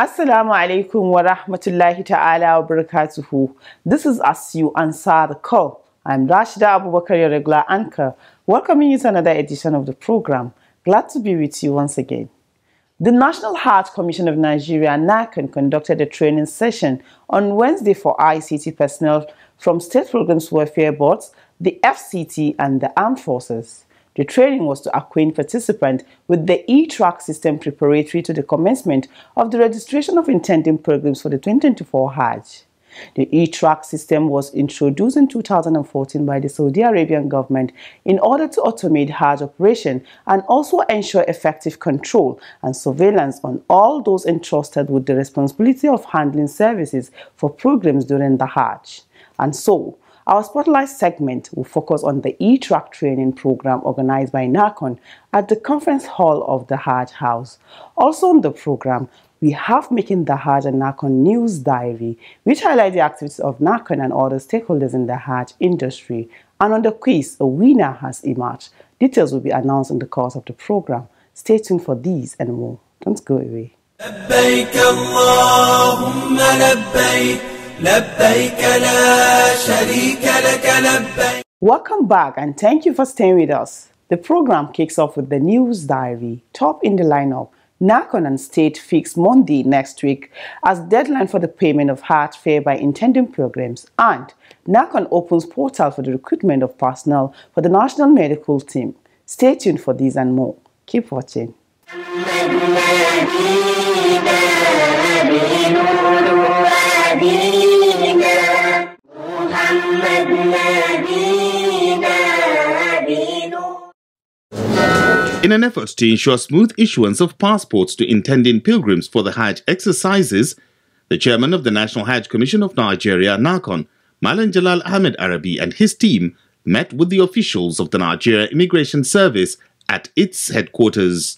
Assalamu alaikum wa rahmatullahi ta'ala wa barakatuhu. This is You Ansar the call. I'm Rashida Abubakar, your regular anchor, welcoming you to another edition of the program. Glad to be with you once again. The National Heart Commission of Nigeria, NACAN, conducted a training session on Wednesday for ICT personnel from State Programs Welfare Boards, the FCT, and the Armed Forces. The training was to acquaint participants with the e-track system preparatory to the commencement of the registration of intending pilgrims for the 2024 Hajj. The e-track system was introduced in 2014 by the Saudi Arabian government in order to automate Hajj operation and also ensure effective control and surveillance on all those entrusted with the responsibility of handling services for pilgrims during the Hajj. And so, our Spotlight segment will focus on the e-track training program organized by NACON at the conference hall of the Hajj House. Also on the program, we have Making the Hajj and NACON News Diary, which highlights the activities of NACON and other stakeholders in the Hajj industry. And on the quiz, a winner has emerged. Details will be announced in the course of the program. Stay tuned for these and more. Don't go away. Welcome back and thank you for staying with us. The program kicks off with the news diary, top in the lineup. NACON and state fix Monday next week as deadline for the payment of heart fare by intending programs and Nakon opens portal for the recruitment of personnel for the national medical team. Stay tuned for these and more. Keep watching. In an effort to ensure smooth issuance of passports to intending pilgrims for the Hajj exercises, the chairman of the National Hajj Commission of Nigeria, NACON, Malan Jalal Ahmed Arabi and his team met with the officials of the Nigeria Immigration Service at its headquarters.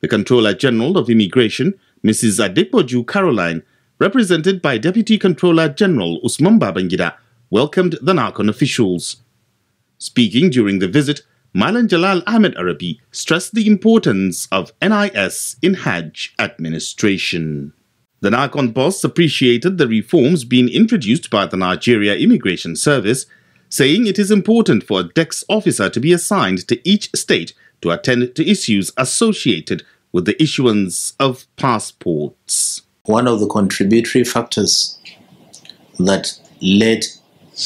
The Controller General of Immigration, Mrs. Adepoju Caroline, represented by Deputy Controller General Usman Babangida, welcomed the Narcon officials. Speaking during the visit, Milan Jalal Ahmed Arabi stressed the importance of NIS in Hajj administration. The Narcon boss appreciated the reforms being introduced by the Nigeria Immigration Service, saying it is important for a DEX officer to be assigned to each state to attend to issues associated with the issuance of passports. One of the contributory factors that led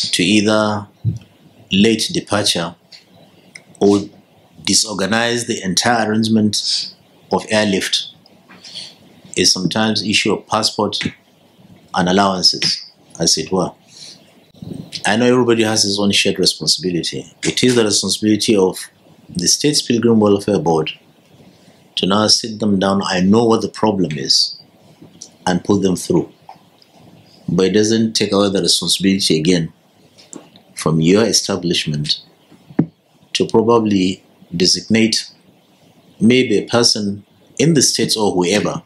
to either late departure or disorganize the entire arrangement of airlift is sometimes issue of passport and allowances, as it were. I know everybody has his own shared responsibility. It is the responsibility of the State's Pilgrim Welfare Board to now sit them down. I know what the problem is and put them through. But it doesn't take away the responsibility again from your establishment to probably designate maybe a person in the States or whoever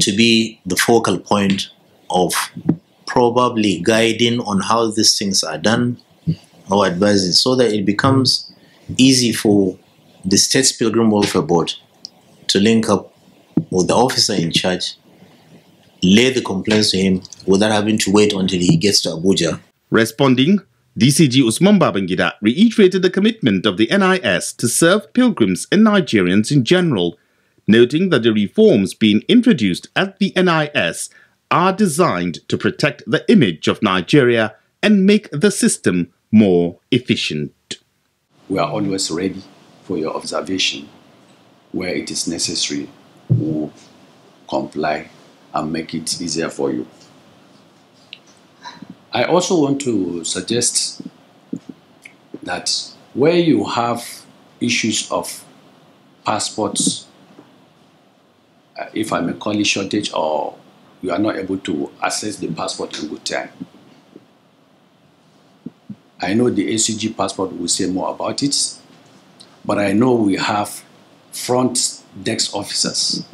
to be the focal point of probably guiding on how these things are done or advising so that it becomes easy for the State's Pilgrim Welfare Board to link up with the officer in charge, lay the complaints to him without having to wait until he gets to Abuja Responding, DCG Usman Babangida reiterated the commitment of the NIS to serve pilgrims and Nigerians in general, noting that the reforms being introduced at the NIS are designed to protect the image of Nigeria and make the system more efficient. We are always ready for your observation. Where it is necessary, we comply and make it easier for you. I also want to suggest that where you have issues of passports, uh, if I may call it shortage, or you are not able to access the passport in good time. I know the ACG passport will say more about it, but I know we have front desk officers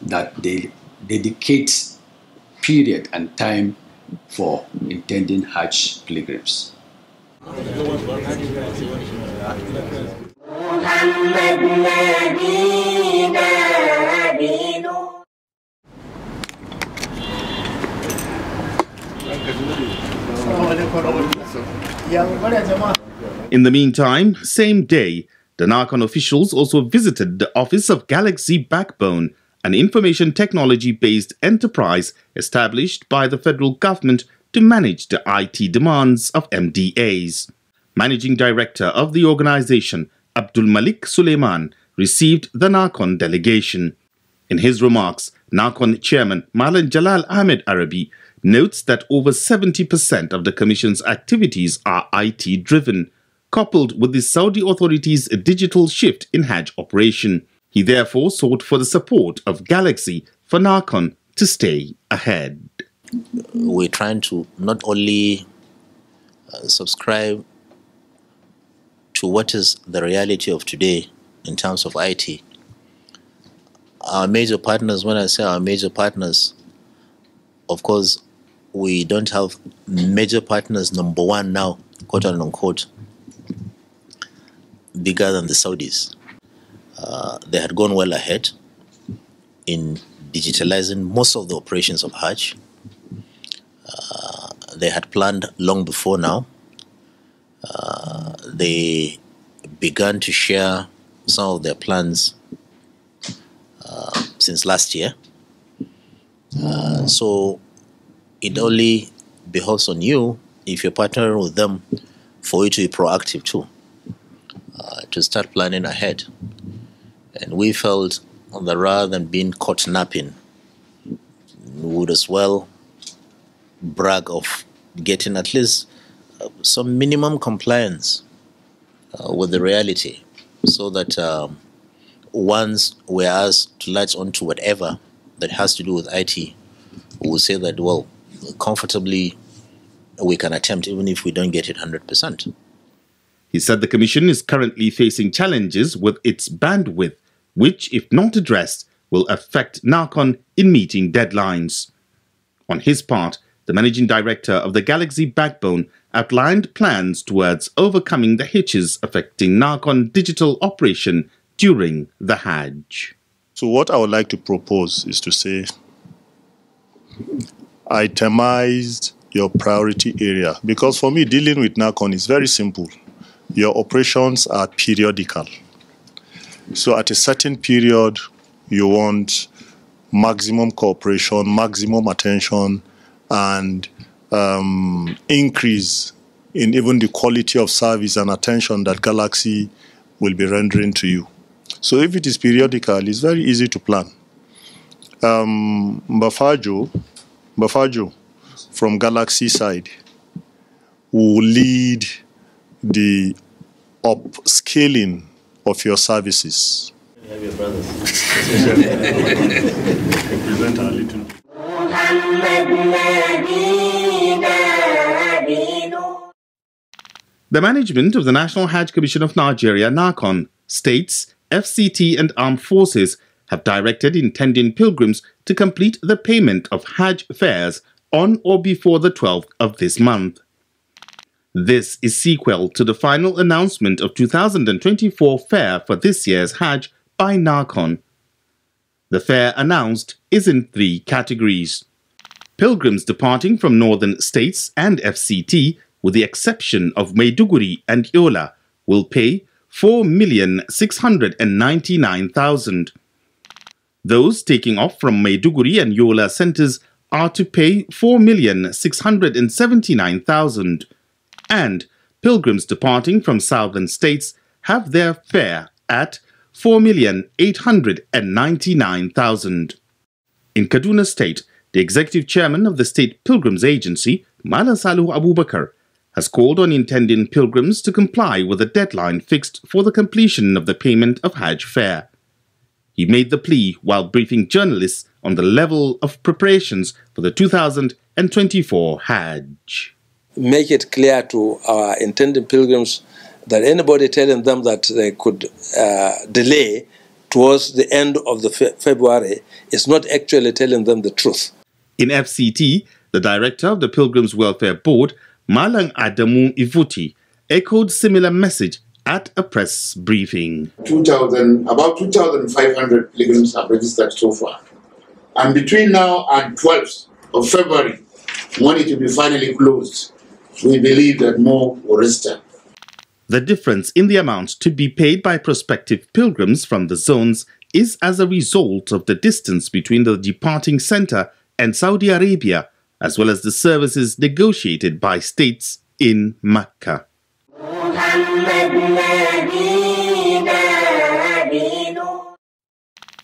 that they dedicate period and time for intending Hajj pilgrims. In the meantime, same day, the Narcon officials also visited the office of Galaxy Backbone, an information technology based enterprise established by the federal government to manage the IT demands of MDAs. Managing Director of the organization, Abdul Malik Suleiman, received the NACON delegation. In his remarks, NACON Chairman Malin Jalal Ahmed Arabi notes that over 70% of the Commission's activities are IT driven, coupled with the Saudi authorities' digital shift in Hajj operation. He therefore sought for the support of Galaxy for Narcon to stay ahead. We're trying to not only uh, subscribe to what is the reality of today in terms of IT. Our major partners, when I say our major partners, of course, we don't have major partners number one now, quote unquote, bigger than the Saudis. Uh, they had gone well ahead in digitalizing most of the operations of Hajj. Uh, they had planned long before now. Uh, they began to share some of their plans uh, since last year. Uh, so it only behoves on you if you're partnering with them for you to be proactive too, uh, to start planning ahead. And we felt that rather than being caught napping, we would as well brag of getting at least uh, some minimum compliance uh, with the reality so that um, once we're asked to latch onto whatever that has to do with IT, we'll say that, well, comfortably we can attempt even if we don't get it 100%. He said the Commission is currently facing challenges with its bandwidth which, if not addressed, will affect Narcon in meeting deadlines. On his part, the managing director of the Galaxy Backbone outlined plans towards overcoming the hitches affecting Narcon digital operation during the Hajj. So, what I would like to propose is to say itemized your priority area because for me, dealing with Narcon is very simple. Your operations are periodical. So at a certain period, you want maximum cooperation, maximum attention, and um, increase in even the quality of service and attention that Galaxy will be rendering to you. So if it is periodical, it's very easy to plan. Um, Mbafajo, Mbafajo from Galaxy side will lead the upscaling of your services. The management of the National Hajj Commission of Nigeria, NARCON, states FCT and armed forces have directed intending pilgrims to complete the payment of Hajj fares on or before the 12th of this month. This is sequel to the final announcement of 2024 fair for this year's Hajj by Narcon. The fair announced is in three categories. Pilgrims departing from northern states and FCT, with the exception of Maiduguri and Yola, will pay 4,699,000. Those taking off from Maiduguri and Yola centres are to pay 4,679,000 and pilgrims departing from southern states have their fare at 4,899,000. In Kaduna State, the executive chairman of the State Pilgrims Agency, Mala Abubakar, has called on intending pilgrims to comply with the deadline fixed for the completion of the payment of Hajj fare. He made the plea while briefing journalists on the level of preparations for the 2024 Hajj make it clear to our intending pilgrims that anybody telling them that they could uh, delay towards the end of the fe- February is not actually telling them the truth. In FCT, the director of the Pilgrims Welfare Board, Malang Adamu Ivuti, echoed similar message at a press briefing. 2000, about 2,500 pilgrims have registered so far. And between now and 12th of February, when it will be finally closed, we believe that more will register. The difference in the amount to be paid by prospective pilgrims from the zones is as a result of the distance between the departing center and Saudi Arabia, as well as the services negotiated by states in Mecca.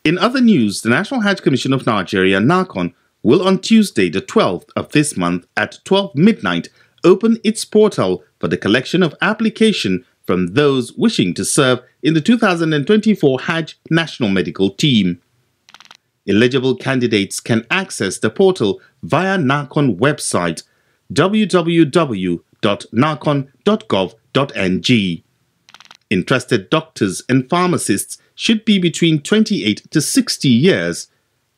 In other news, the National Hajj Commission of Nigeria, NARCON, will on Tuesday, the 12th of this month at 12 midnight open its portal for the collection of application from those wishing to serve in the 2024 Hajj National Medical Team. Eligible candidates can access the portal via NARCON website www.narcon.gov.ng. Interested doctors and pharmacists should be between 28 to 60 years,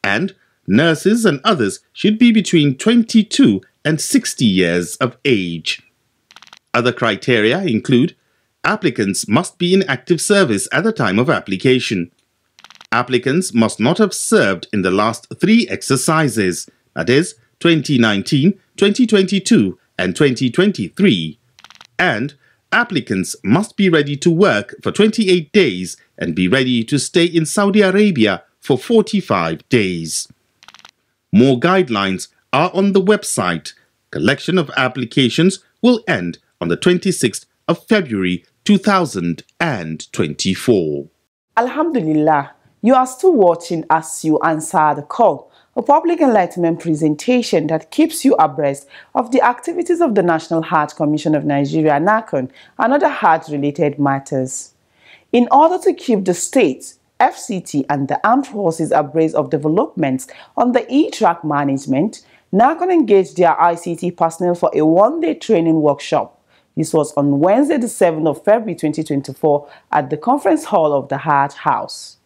and nurses and others should be between 22 and 60 years of age. Other criteria include applicants must be in active service at the time of application. Applicants must not have served in the last three exercises, that is, 2019, 2022 and 2023. And applicants must be ready to work for 28 days and be ready to stay in Saudi Arabia for 45 days. More guidelines are on the website Collection of applications will end on the 26th of February 2024. Alhamdulillah, you are still watching As You Answer the Call, a public enlightenment presentation that keeps you abreast of the activities of the National Heart Commission of Nigeria, NACON, and other heart-related matters. In order to keep the state, FCT and the armed forces abreast of developments on the e-track management, NACON engaged their ICT personnel for a one-day training workshop. This was on Wednesday, the 7th of February 2024 at the Conference Hall of the Hart House.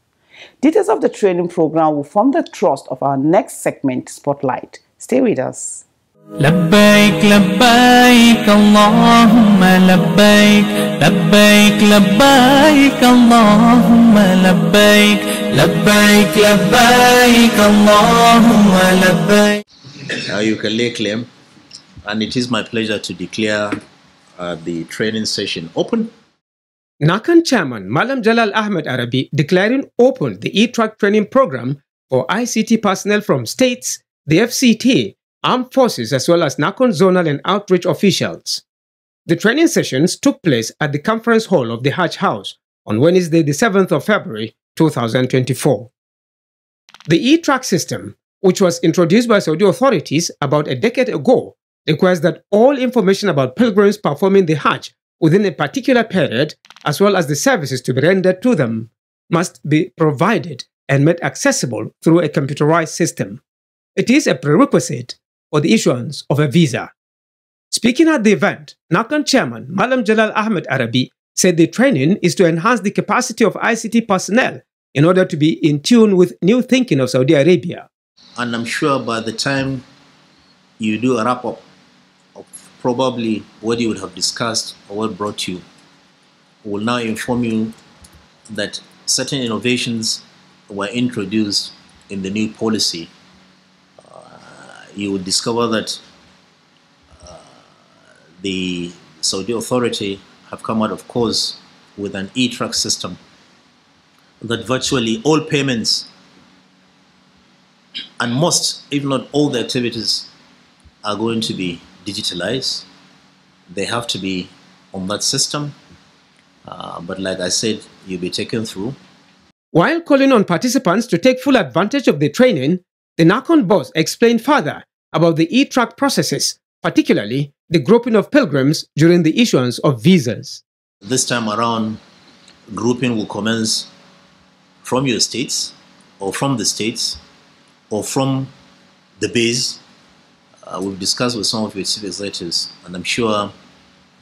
Details of the training program will form the thrust of our next segment, Spotlight. Stay with us. لبيك لبيك اللهم لبيك لبيك لبيك اللهم لبيك لبيك لبيك اللهم لبيك uh, you can lay claim. And it is my pleasure to declare uh, the training session open. NACAN chairman Malam Jalal Ahmed Arabi declaring open the e-track training program for ICT personnel from states, the FCT, armed forces, as well as Nakon zonal and outreach officials. The training sessions took place at the conference hall of the Hatch House on Wednesday, the 7th of February, 2024. The e-track system which was introduced by Saudi authorities about a decade ago, requires that all information about pilgrims performing the Hajj within a particular period, as well as the services to be rendered to them, must be provided and made accessible through a computerized system. It is a prerequisite for the issuance of a visa. Speaking at the event, NACAN chairman Malam Jalal Ahmed Arabi said the training is to enhance the capacity of ICT personnel in order to be in tune with new thinking of Saudi Arabia and I'm sure by the time you do a wrap up of probably what you would have discussed or what brought you, will now inform you that certain innovations were introduced in the new policy. Uh, you will discover that uh, the Saudi authority have come out of course with an e-truck system that virtually all payments and most, if not all, the activities are going to be digitalized. They have to be on that system. Uh, but like I said, you'll be taken through. While calling on participants to take full advantage of the training, the NACON boss explained further about the e-track processes, particularly the grouping of pilgrims during the issuance of visas. This time around, grouping will commence from your states or from the states or from the base. Uh, we've discussed with some of your civilizators, and I'm sure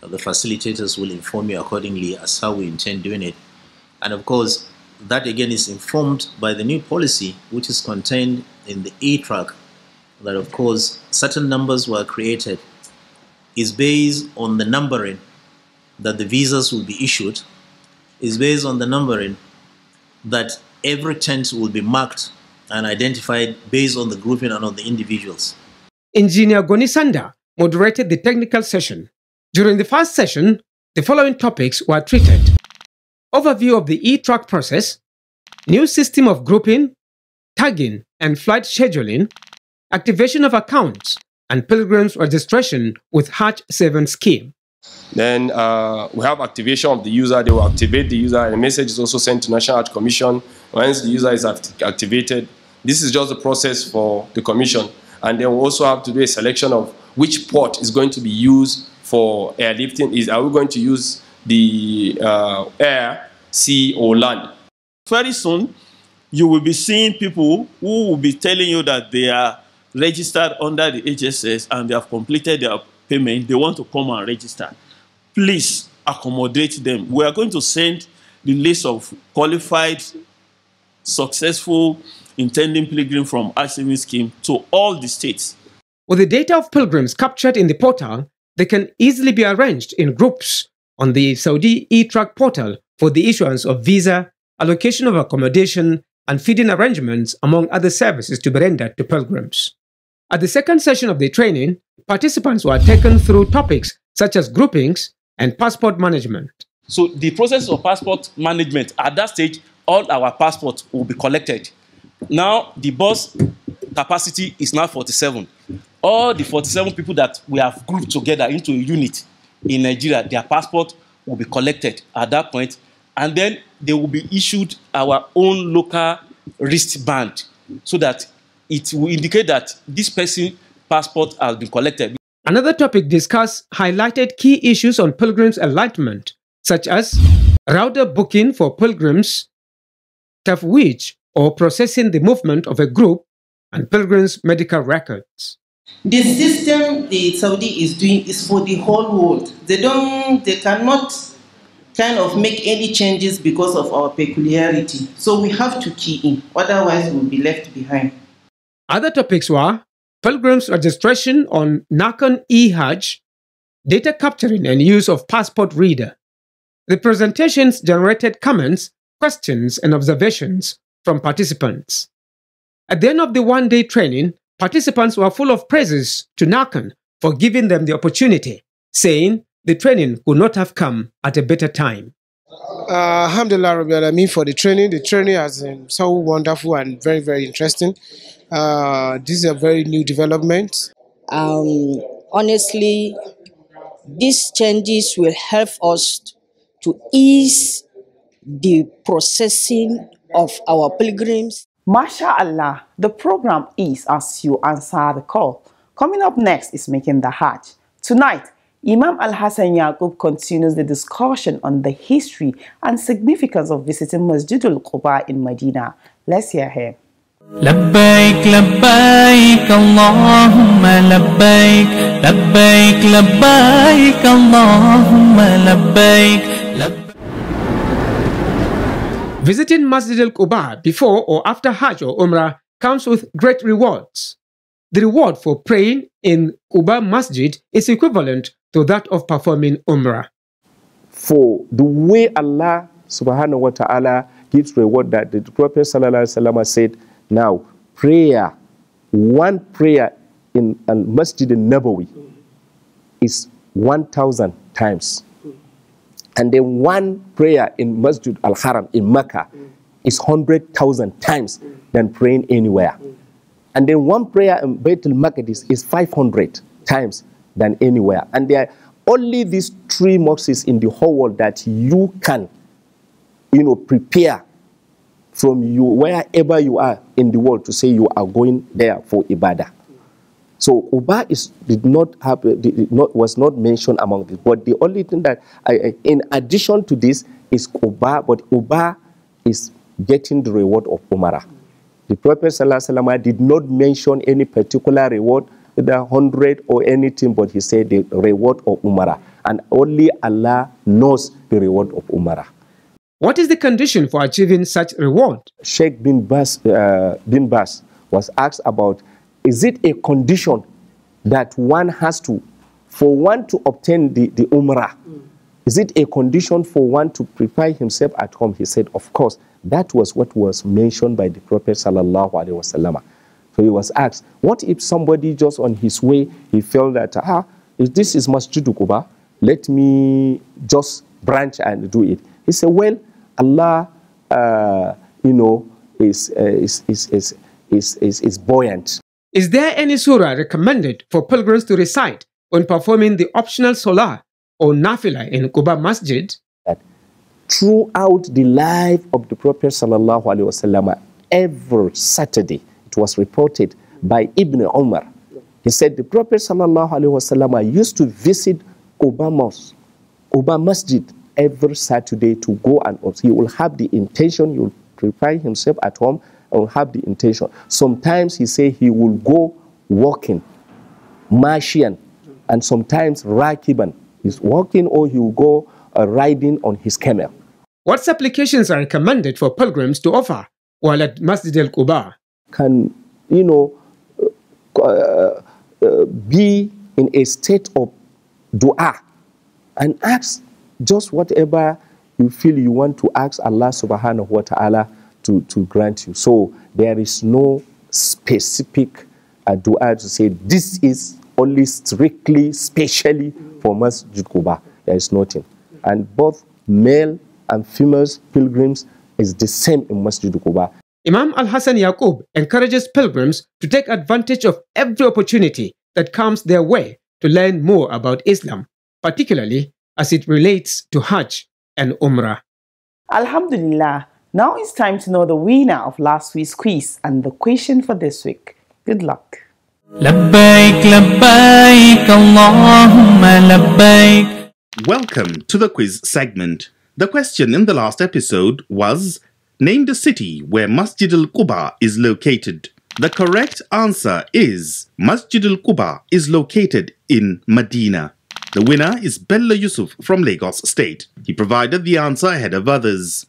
uh, the facilitators will inform you accordingly as how we intend doing it. And of course, that again is informed by the new policy, which is contained in the A track, that of course certain numbers were created, is based on the numbering that the visas will be issued, is based on the numbering that every tent will be marked and identified based on the grouping and on the individuals. Engineer Gonisanda moderated the technical session. During the first session, the following topics were treated. Overview of the e-track process, new system of grouping, tagging and flight scheduling, activation of accounts, and pilgrims registration with Hatch 7 scheme. Then uh, we have activation of the user. They will activate the user, and a message is also sent to National Art Commission. Once the user is act activated, this is just the process for the commission. And then we also have to do a selection of which port is going to be used for airlifting. Is Are we going to use the uh, air, sea, or land? Very soon, you will be seeing people who will be telling you that they are registered under the HSS and they have completed their payment. They want to come and register. Please accommodate them. We are going to send the list of qualified, successful intending pilgrim from i scheme to all the states. With the data of pilgrims captured in the portal, they can easily be arranged in groups on the Saudi e-track portal for the issuance of visa, allocation of accommodation, and feeding arrangements, among other services to be rendered to pilgrims. At the second session of the training, participants were taken through topics such as groupings and passport management. So, the process of passport management at that stage, all our passports will be collected now the bus capacity is now 47. All the 47 people that we have grouped together into a unit in Nigeria, their passport will be collected at that point, and then they will be issued our own local wristband so that it will indicate that this person's passport has been collected. Another topic discussed highlighted key issues on pilgrims' enlightenment, such as router booking for pilgrims, theft which or processing the movement of a group and pilgrims' medical records. The system the Saudi is doing is for the whole world. They don't they cannot kind of make any changes because of our peculiarity. So we have to key in, otherwise we'll be left behind. Other topics were pilgrims registration on Nakan e-Hajj, data capturing and use of passport reader. The presentations generated comments, questions, and observations from participants. At the end of the one day training, participants were full of praises to Nakan for giving them the opportunity, saying the training could not have come at a better time. Uh, Alhamdulillah, Rabbi Alameen, for the training. The training has been so wonderful and very, very interesting. Uh, this is a very new development. Um, honestly, these changes will help us to ease the processing of our pilgrims. MashaAllah, the program is As You Answer the Call. Coming up next is Making the Hajj. Tonight, Imam Al Hassan Yaqub continues the discussion on the history and significance of visiting Masjid al Quba in Medina. Let's hear him. لبيك لبيك اللهم لبيك لبيك لبيك اللهم لبيك Visiting Masjid al Quba before or after Hajj or Umrah comes with great rewards. The reward for praying in Quba Masjid is equivalent to that of performing Umrah. For the way Allah subhanahu wa ta'ala gives reward that the Prophet sallallahu said, now prayer, one prayer in Masjid al Nabawi is 1,000 times. And then one prayer in Masjid al Haram in Mecca mm. is 100,000 times mm. than praying anywhere. Mm. And then one prayer in Beit al Maqdis is 500 times than anywhere. And there are only these three mosques in the whole world that you can, you know, prepare from you wherever you are in the world to say you are going there for ibadah. So Uba is, did not have, eh, did not, was not mentioned among this. But the only thing that, I, in addition to this, is Uba, but Uba is getting the reward of Umara. The Prophet ﷺ did not mention any particular reward, the hundred or anything, but he said the reward of Umara. And only Allah knows the reward of Umara. What is the condition for achieving such reward? Sheikh bin Bas, uh, bin Bas was asked about is it a condition that one has to, for one to obtain the, the umrah, mm. is it a condition for one to prepare himself at home? He said, of course. That was what was mentioned by the Prophet sallallahu alaihi wasallam. So he was asked, what if somebody just on his way, he felt that, ah, if this is Masjid Quba, let me just branch and do it. He said, well, Allah, uh, you know, is, uh, is, is, is, is, is, is buoyant. Is there any surah recommended for pilgrims to recite when performing the optional salah or nafila in Quba Masjid? Throughout the life of the Prophet sallallahu alaihi wasallam, every Saturday it was reported by Ibn Umar. He said the Prophet sallallahu alaihi wasallam used to visit Quba Mosque, Quba Masjid every Saturday to go and observe. He will have the intention, he will prepare himself at home or have the intention. Sometimes he say he will go walking, Martian, and sometimes Rakiban. He's walking or he will go uh, riding on his camel. What supplications are recommended for pilgrims to offer while at Masjid al-Quba? Can, you know, uh, uh, uh be in a state of dua and ask just whatever you feel you want to ask Allah subhanahu wa ta'ala to, to grant you. So there is no specific uh, dua to say this is only strictly, specially for Masjid Quba. There is nothing. And both male and female pilgrims is the same in Masjid Quba. Imam Al-Hassan Yaqub encourages pilgrims to take advantage of every opportunity that comes their way to learn more about Islam, particularly as it relates to Hajj and Umrah. Alhamdulillah, now it's time to know the winner of last week's quiz and the question for this week. Good luck. Welcome to the quiz segment. The question in the last episode was Name the city where Masjid al Quba is located. The correct answer is Masjid al Quba is located in Medina. The winner is Bella Yusuf from Lagos State. He provided the answer ahead of others.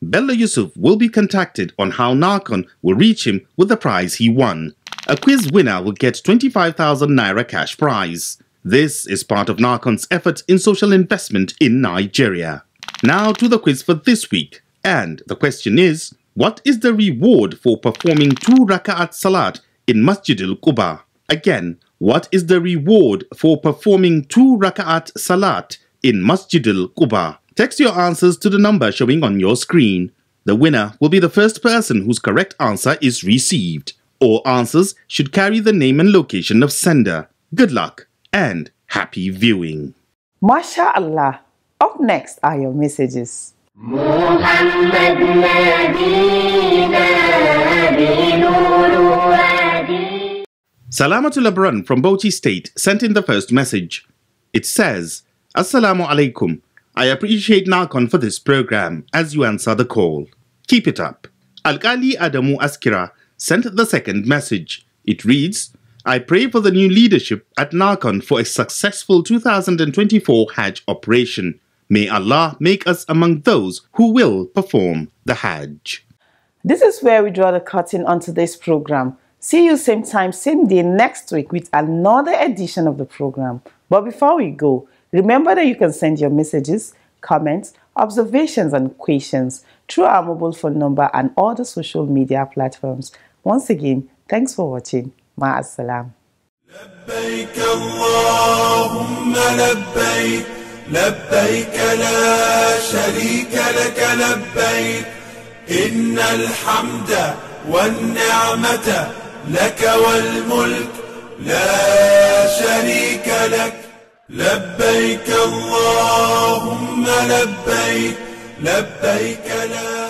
Bello Yusuf will be contacted on how Narcon will reach him with the prize he won. A quiz winner will get 25,000 Naira cash prize. This is part of Narcon's efforts in social investment in Nigeria. Now to the quiz for this week. And the question is, what is the reward for performing two raka'at salat in Masjidil Quba? Again, what is the reward for performing two raka'at salat in Masjidil Quba? Text your answers to the number showing on your screen. The winner will be the first person whose correct answer is received. All answers should carry the name and location of sender. Good luck and happy viewing. Allah. Up next are your messages. Salamatul Abran from Bochi State sent in the first message. It says, Assalamu alaikum. I appreciate Narkon for this program as you answer the call. Keep it up. Alkali Adamu Askira sent the second message. It reads, I pray for the new leadership at Narkon for a successful 2024 Hajj operation. May Allah make us among those who will perform the Hajj. This is where we draw the curtain on today's program. See you same time, same day next week with another edition of the program. But before we go, Remember that you can send your messages, comments, observations and questions through our mobile phone number and all the social media platforms. Once again, thanks for watching. Ma assalam. لبيك اللهم لبيك لبيك لا شريك لك لبيك إن الحمد والنعمة لك والملك لا شريك لك لبيك اللهم لبيك لبيك لا